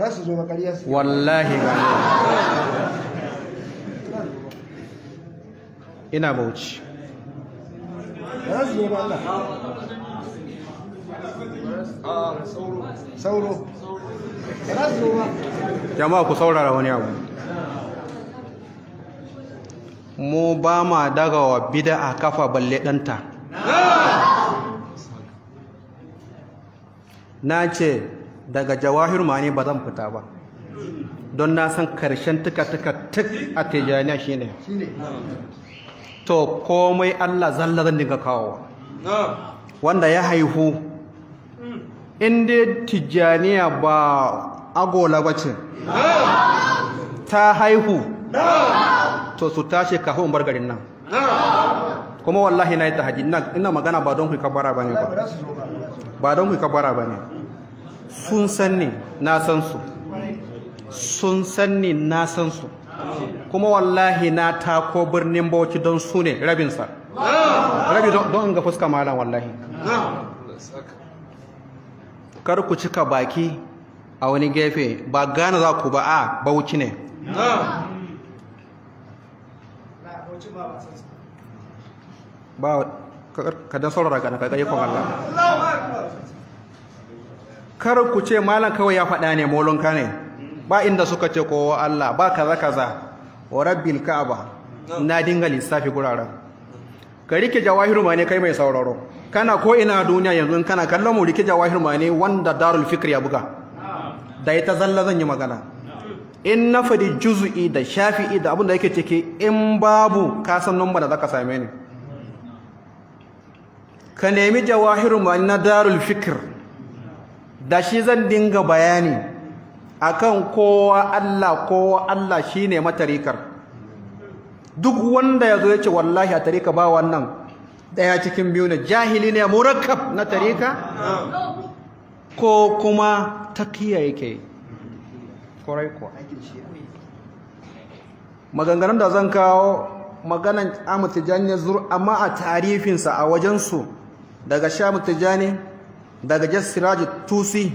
ba su zo ba ƙarya su wallahi ina bauchi ba su zo ba Allah sauro ba su zo ba jama'a ku saurara wani abu mu ba ma daga wa bida a kafa balle ɗanta na ce daga jawahir ne ba zan fita ba don na san karshen tuka-tuka tuk a tijaniya shi ne to komai allah zalla zan dinga kawo wanda ya haihu inda tijaniya ba agola wace ta haihu to su tashi kafin bar garin nan kuma wallahi na yi ta hajji ina magana ba don ku kabara ba ne ba don ku kabara ba ne sun sanni na san su sun sanni na san su kuma wallahi na tako birnin bauchi don su ne rabinsa rabi don ga fuska malam wallahi kar ku cika baki a wani gefe ba gane za ku ba a bauchi ne ba ka dan saurara ga na kai kai Allah kar ku ce malam kawai ya faɗa ne molonka ne ba inda suka ce ko Allah ba kaza kaza wa rabbil ka'aba na dinga lissafi guraren ka rike jawahiru mane kai mai sauraro kana ko ina duniya yanzu kana kallon mu rike hirma mane wanda darul ya buga da ita zalla zan yi magana in na fadi juzu'i da shafi'i da abin da yake ciki in babu kasan san da zaka same ni ka nemi jawahiru mane na darul fikr da shi zan dinga bayani akan kowa Allah kowa Allah shine matarikar duk wanda yazo yace wallahi a tarika ba wannan daya cikin biyu ne jahili ne murakkab na tarika ko kuma takiya yake korai ko maganganun da zan kawo maganan Ahmad ya zur amma a tarifinsa a wajensu daga sha Tijani daga jasiraju tusi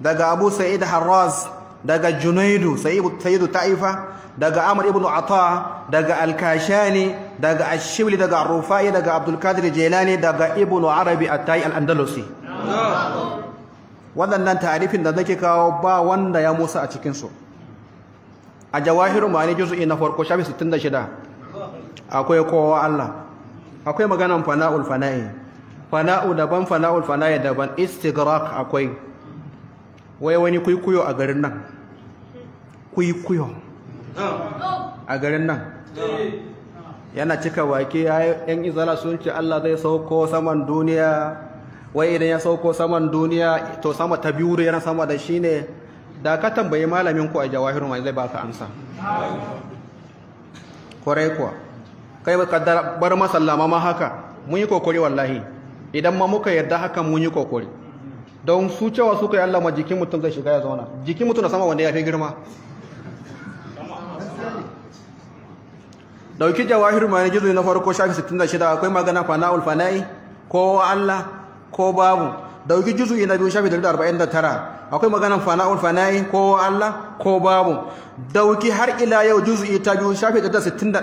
daga abu sa'id harraz daga junaidu sayyidu ta'ifa daga amr ibn ata daga alkashani daga ashibli daga rufai daga abdulkadir Jilani, daga ibn arabi atai al-andalusi waɗannan tarifin da nake kawo ba wanda ya musa a cikinsu a jawahirun ma'ani juzu'i na farko shafi 66 akwai kowa Allah akwai maganan fana'ul fana'i fana'u daban fana'ul fanaya daban istighraq akwai wai wani kuikuyo a garin nan kuikuyo a garin nan yana cika wake yan izala sun ce Allah zai sauko saman duniya wai idan ya sauko saman duniya to sama ta biyu yana sama da shi ne da ka tambayi malamin ku a jawahirun wani zai baka amsa kwarai kuwa kai ba ka bar masallama ma haka mun yi kokori wallahi idan ma muka yarda haka mun yi kokori don su cewa suka yi allama jikin mutum zai shiga ya zauna jikin mutum na sama wanda ya fi girma dauki jawahir mai gizo na farko shafi 66 akwai magana fana'ul fana'i ko Allah ko babu dauki juzu'i na biyu shafi 149 akwai maganan fana'un fana'i ko Allah ko babu dauki har ila yau juzu'i ta biyu shafi 161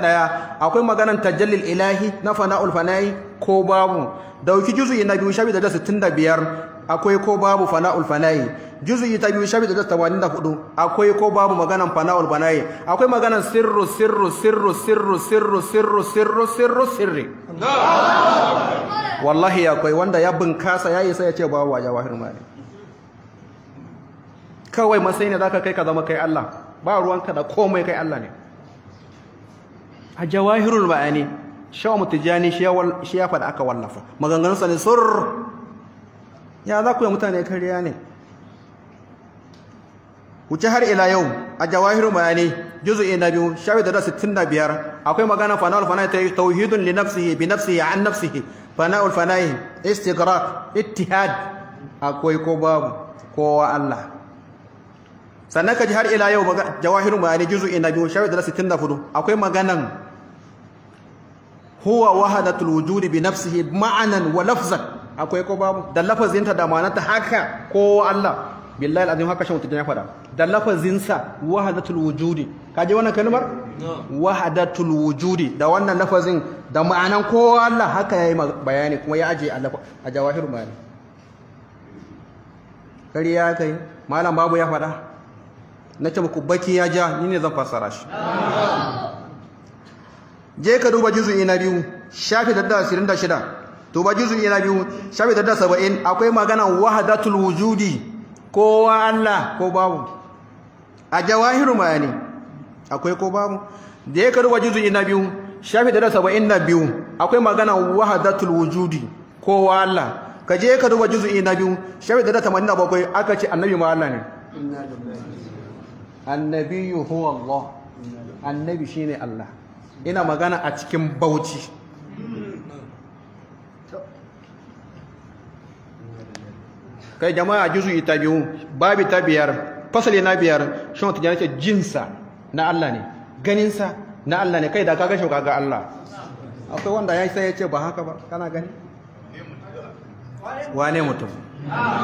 akwai maganan tajallil ilahi na fana'ul fana'i ko babu dauki juzu'i na biyu shafi 165 akwai ko babu fana'ul fana'i juz'i ta biyu shafi da tawanin da hudu akwai ko babu maganan fana'ul fana'i akwai maganan sirru sirru sirru sirru sirru sirru sirru sirru sirri wallahi akwai wanda ya bunkasa ya isa ya ce babu wa jawahir mali kawai matsayi ne zaka kai ka zama kai Allah ba ruwanka da komai kai Allah ne a jawahirul shawar shawa mutujani shi ya faɗa aka wallafa maganganunsa ne surr ya za ku yi mutane kariya ne wuce har ila yau a jawahiru bayani juzu'i Ina biyu shafi da sittin da biyar akwai magana fana'ul fana'i ta tauhidun li nafsihi bi nafsihi an nafsihi fana'ul fana'i istighraq ittihad akwai ko babu kowa Allah sannan ka ji har ila yau jawahiru bayani juzu'i Ina biyu shafi da sittin da hudu akwai maganan huwa wahadatul wujudi bi nafsihi ma'anan wa lafzan akwai ko babu da lafazinta da ma'anarta haka ko Allah billahi alazim haka shan wutar ya fada da lafazinsa wahadatul wujudi ka je wannan kalmar wahadatul wujudi da wannan lafazin da ma'anan ko Allah haka yayi bayani kuma ya aje a jawahir bayani kari ya kai malam babu ya fada na ce muku baki ya ja ni ne zan fassara shi je ka duba juzu ina biyu shafi da 26 to ba juzun yana biyu shafi da ba'in akwai maganan wahdatul wujudi kowa Allah ko babu a jawahiru ne akwai ko babu da ya karuwa juzun yana biyu shafi da ba'in na biyu akwai maganan wahdatul wujudi kowa Allah ka je ka duba juzun yana biyu shafi da tamanin bakwai aka ce annabi ma Allah ne annabi huwa Allah annabi shine Allah ina magana a cikin bauchi kai jama'a juzu ita biyu babi ta biyar fasali na biyar shon wata ce jinsa na Allah ne ganinsa na Allah ne kai da ka ga shauka ga Allah akwai wanda ya sai ya ce ba haka ba kana gani wane mutum